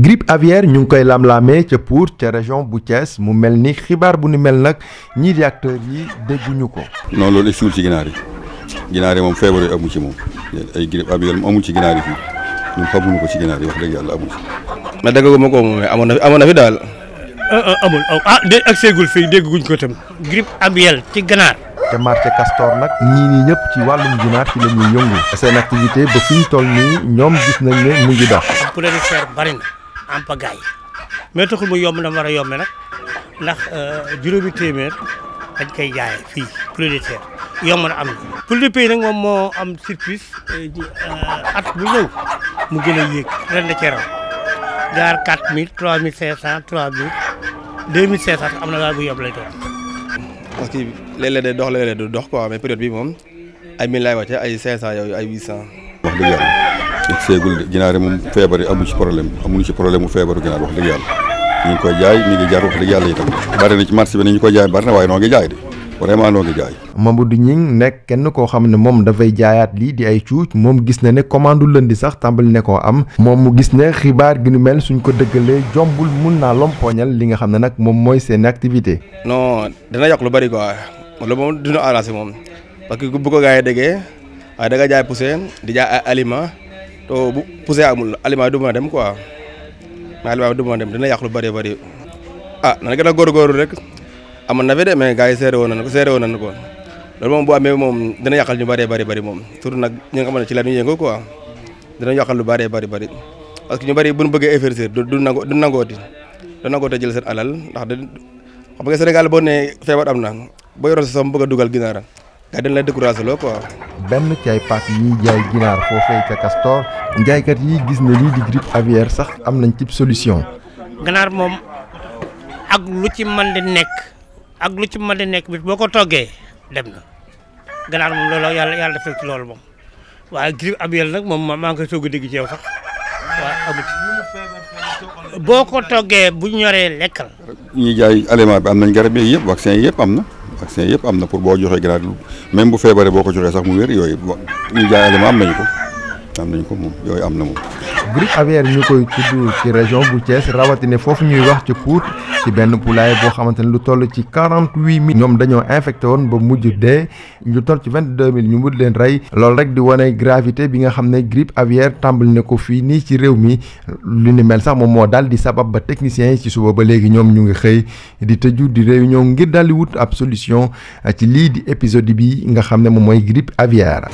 grippe aviaire ñu ngi koy lam-laamee ca Pout ca région bu Thiès mu melni xibar bu ni mel nak ñi di acteurs yi dégguñu ko. non loolu suul ci ginaar yi ginaar yi moom feebar amu ci mom ay grippe aviaire moom amu ci ginaar yi fii ñun xamuñu ko ci ginaar yi wax dëgg yalla amu ci. mais dëgg gu ma ko moom amoon amona fi dal na fi ah, ah, amul ah, ah dé ak ségul fi dégguñ ko tam grippe aviaire ci ganaar. te marché Castor nak ñi ñi ñep ci wàllum ginaar ci la ñuy yëngu. seen activité ba fi ñu toll nii ñoom gis nañ ne mu ngi dox. pour bari na. en pagaille mais taxul mu yomb na war a yombe nag ndax euh, juróomi téeméer dañ koy jaayee fii poulet de terre yomb na am na. poulet de pays nag moom moo am surprise euh, euh, at bu ñëw mu gën a yéeg ren da cee raw gaar 4000 3500 3000 2500 am na gaar bu yomb lay doon. parce que léeg-léeg dox léeg du dox quoi mais période bi moom ay 1000 laay wàcce ay 500 yooyu ay 800. wax dëgg yàlla. it seegul de ginaar yi moom feebar yi amuñu ci problème amuñu ci problème mu feebaru ginaar wax dëgg yàlla ñu ngi koy jaay ñu ngi jar wax dëgg yàlla itam bari jaay bari na waaye noo ngi jaay de vraiment noo ngi nekk kenn koo xam ne moom dafay jaayaat lii di ay cuuc moom gis na ne commande lëndi sax tàmbali ne koo am moom mu gis ne xibaar gi nu mel suñ ko dëggalee jombul mun naa lompoñal li nga xam ne nag moom mooy seen activité. non dana yokk lu bari quoi loolu moom dina arrangé moom parce que bu ko gaa da nga jaay di jaay ay to bu poussé amul aliment du mën dem quoi mais aliment du mën a dem dina yàq lu bëree bëri. ah na gën a góorgóorlu rek amoon na fi de mais gars yi seere woon nañu ko seere woon nañu ko loolu moom bu amee moom dina yàqal ñu bëree bëri bëri moom surtout nag ñi nga xam ne ci la ñu yëngu quoi dina yàqal lu bëree bëri bëri parce que ñu bëri bu ñu bëggee investir du du nangoo du nangooti du nangooti jël seen alal ndax de xam nga Sénégal boo nee feebar am na boo yoroo sa bëgg a dugal ginaara kay dañ la découragé loo quoi. benn ci ay pàcc yiy jaay ginaar foofee ca Castor. jaaykat yi gis na lii di grippe aviaire sax am nañ ci solution. ganaar moom ak lu ci mën di nekk ak lu ci man di nekk bi boo ko toggee dem na ganaar moom loolu yàlla yàlla defal ci loolu moom waaye grippe aviaire nag moom maa ngi koy soog a dégg ci yow sax waaye amu boo ko toggee bu ñoree lekkal. ñi jaay aliment bi am nañ garab yi yëpp vaccin yëpp am na. vaccin yëpp am na pour boo joxee grade même bu feebaree boo ko joxee sax mu wér yooyu ñu jaay aliment am nañ ko am nañ ko moom yooyu am na moom grippe aviaire ñu koy tudd ci région bu Thiès rawatine foofu ñuy wax ci Pout ci benn poulailler boo xamantene lu toll ci quarante huit mille ñoom dañoo infecté woon ba mujj dee ñu toll ci vingt mille ñu mujj leen rey loolu rek di wone gravité bi nga xam ne grippe aviaire tàmbali ne ko fii nii ci réew mi lu ni mel sax moom moo daal di sabab ba technicien ci suba ba léegi ñoom ñu ngi xëy di tëju di réunion ngir daal wut ab solution ci lii di épisode bi nga xam ne moom mooy grippe aviaire.